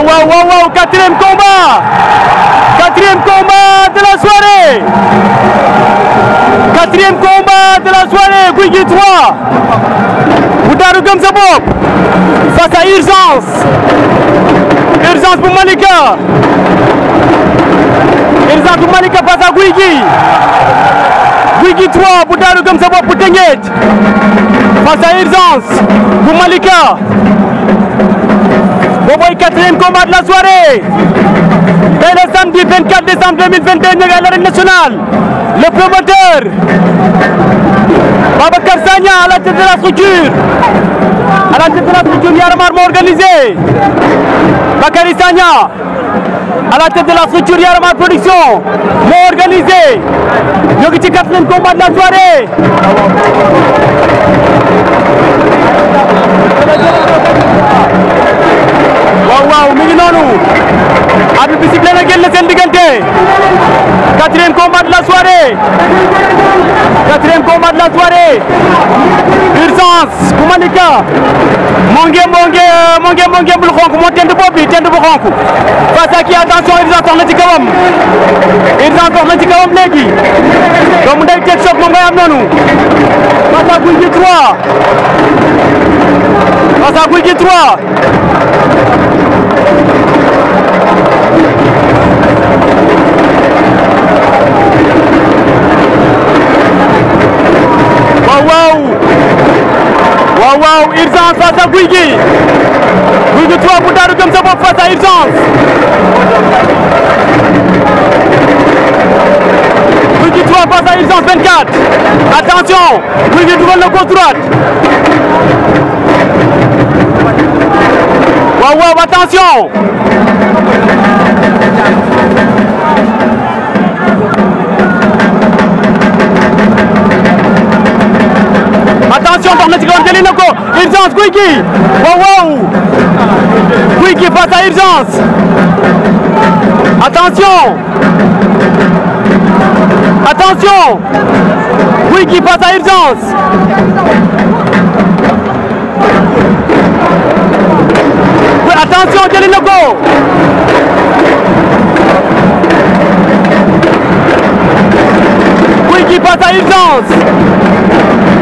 Waouh, waouh, waouh, wow. quatrième combat Quatrième combat de la soirée Quatrième combat de la soirée, Guigui 3 Boudarou Gamzabop Face à Urgence Urgence pour Malika Urgence pour Malika face à Guigui Guigui 3, Boudarou Gamzabop pour Tenguet Face à Urgence pour Malika boobu quatrième combat de la soirée dès le samedi 24 décembre 2021 il y à l'arène nationale le promoteur Babacar Sagna à la tête de la structure à la tête de la structure Yaramar moo organisé Bakary Sagna à la tête de la structure Yaramar production Moi organisé ñu le quatrième combat de la soirée. dana génn seen diggante quatrième combat de la soirée quatrième combat la soirée urgence Koumalika moo ngi moo ngi moo ngi moo ngi bul xonk moo tent bopp bi bu xonk face à qui attention urgence na ci kawam urgence dox na ci kawam léegi doomu ndey teg soog moom ngay am noonu face à Gouye Gui 3 face à Gouye Waouh, waouh, waaw face à guy gi 3 bu comme ça, sa face à urgence guy 3 face à urgence 24 attention Brigitte gi la na droite waouh, attention On va ci kaw jëli de urgence guy gi waaw waaw guy gi face à urgence attention attention guy passe face à urgence attention Kalinoko na ko guy à urgence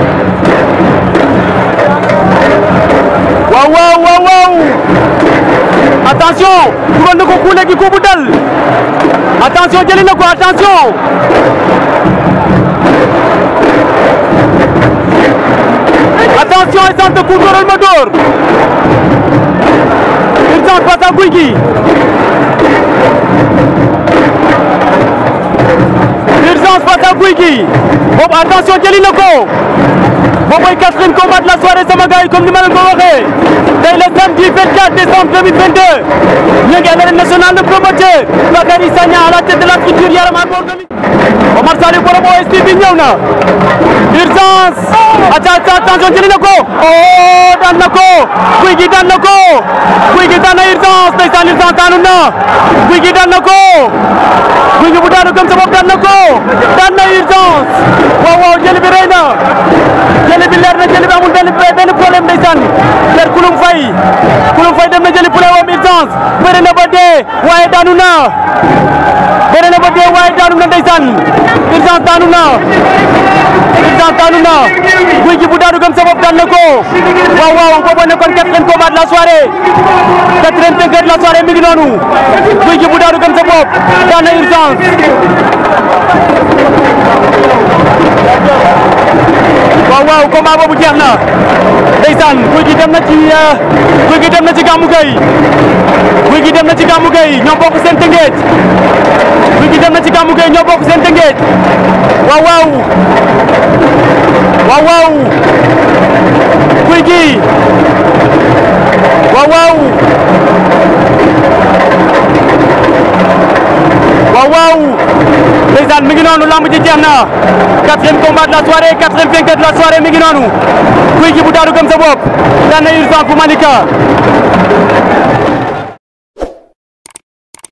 waaw waaw waaw waaw attention dugal na ko ku ku bu dal attention jëli na ko attention attention et sant ku dóoral ma dóor urgence pasa guy gi urgence pasa guy gi boobu attention jëli na ko moom mooy quatrième combat de la soirée sama gars yi comme ni ma leen ko waxee tey le samedi 24 décembre 2022 ñu ngi arène nationale le promoteur Bakary de la structure yaram ak organisation Omar Sall borom OST bi ñëw urgence aca aca attention jëli na ko oh daan na ko guy gi daan na ko guy gi urgence ndeysaan urgence guy gi daan na ko guy gi bu daanu gëm sa bopp daan na ko daan na urgence ndeysaan kër Kulum Faye Kulum Faye dem na jëli poulet wam urgence na ba dee waaye daanu na bëre na ba dee waaye daanu na ndeysaan urgence daanu na urgence daanu na guy gi bu daanu gëm sa bopp daan na ko waaw waaw boobu nekkoon quatrième combat de la soirée quatrième tënk la soirée mi ngi noonu guy gi bu daanu gëm sa daan na urgence waaw waaw combat jeex na ndeysaan guy gi dem na ci euh, guy gi dem na ci gàmmu gay guy gi dem na ci gàmmu gay ñoo bokk seen tëngeej guy gi dem na ci gàmmu gay ñoo bokk seen tëngeej waaw waaw waaw waaw ndeysaan mi ngi noonu lamb ji jeex na quatrième combat la soirée quatrième vainqueur la soirée mi ngi noonu guy gi bu daanu gëm sa bopp daan na Urgence bu Malika